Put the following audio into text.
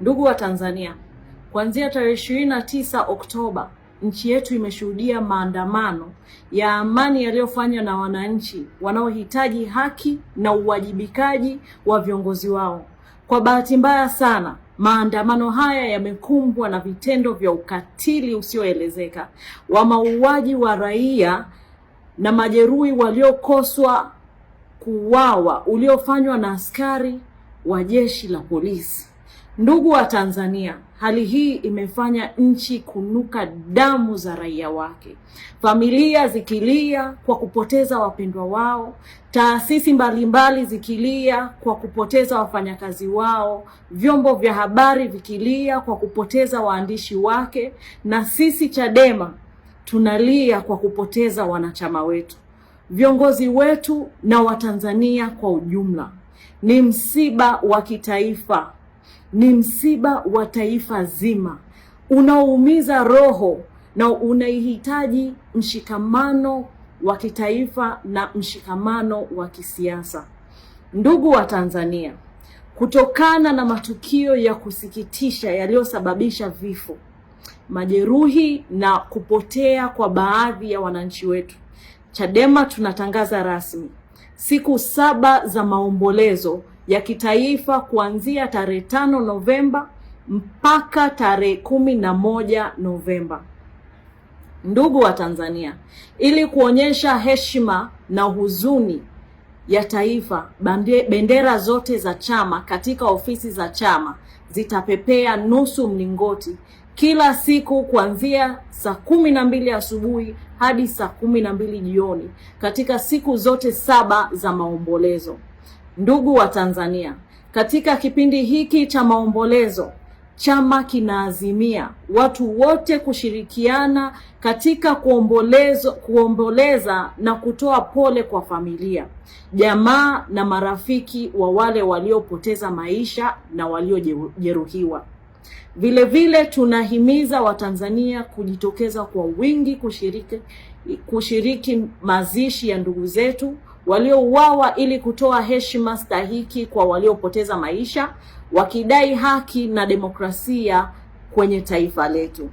Ndugu wa Tanzania, kuanzia tarehe ishirini na Oktoba nchi yetu imeshuhudia maandamano ya amani yaliyofanywa na wananchi wanaohitaji haki na uwajibikaji wa viongozi wao. Kwa bahati mbaya sana, maandamano haya yamekumbwa na vitendo vya ukatili usioelezeka wa mauaji wa raia na majeruhi waliokoswa kuuawa uliofanywa na askari wa jeshi la polisi. Ndugu wa Tanzania, hali hii imefanya nchi kunuka damu za raia wake, familia zikilia kwa kupoteza wapendwa wao, taasisi mbalimbali zikilia kwa kupoteza wafanyakazi wao, vyombo vya habari vikilia kwa kupoteza waandishi wake, na sisi Chadema tunalia kwa kupoteza wanachama wetu, viongozi wetu na Watanzania kwa ujumla. Ni msiba wa kitaifa ni msiba wa taifa zima unaoumiza roho na unaihitaji mshikamano wa kitaifa na mshikamano wa kisiasa. Ndugu wa Tanzania, kutokana na matukio ya kusikitisha yaliyosababisha vifo, majeruhi na kupotea kwa baadhi ya wananchi wetu, Chadema tunatangaza rasmi siku saba za maombolezo ya kitaifa kuanzia tarehe tano Novemba mpaka tarehe kumi na moja Novemba. Ndugu wa Tanzania, ili kuonyesha heshima na huzuni ya taifa, bendera zote za chama katika ofisi za chama zitapepea nusu mlingoti kila siku kuanzia saa kumi na mbili asubuhi hadi saa kumi na mbili jioni katika siku zote saba za maombolezo. Ndugu wa Tanzania, katika kipindi hiki cha maombolezo, chama kinaazimia watu wote kushirikiana katika kuombolezo, kuomboleza na kutoa pole kwa familia, jamaa na marafiki wa wale waliopoteza maisha na waliojeruhiwa. Vilevile tunahimiza Watanzania kujitokeza kwa wingi kushiriki, kushiriki mazishi ya ndugu zetu waliouawa ili kutoa heshima stahiki kwa waliopoteza maisha, wakidai haki na demokrasia kwenye taifa letu.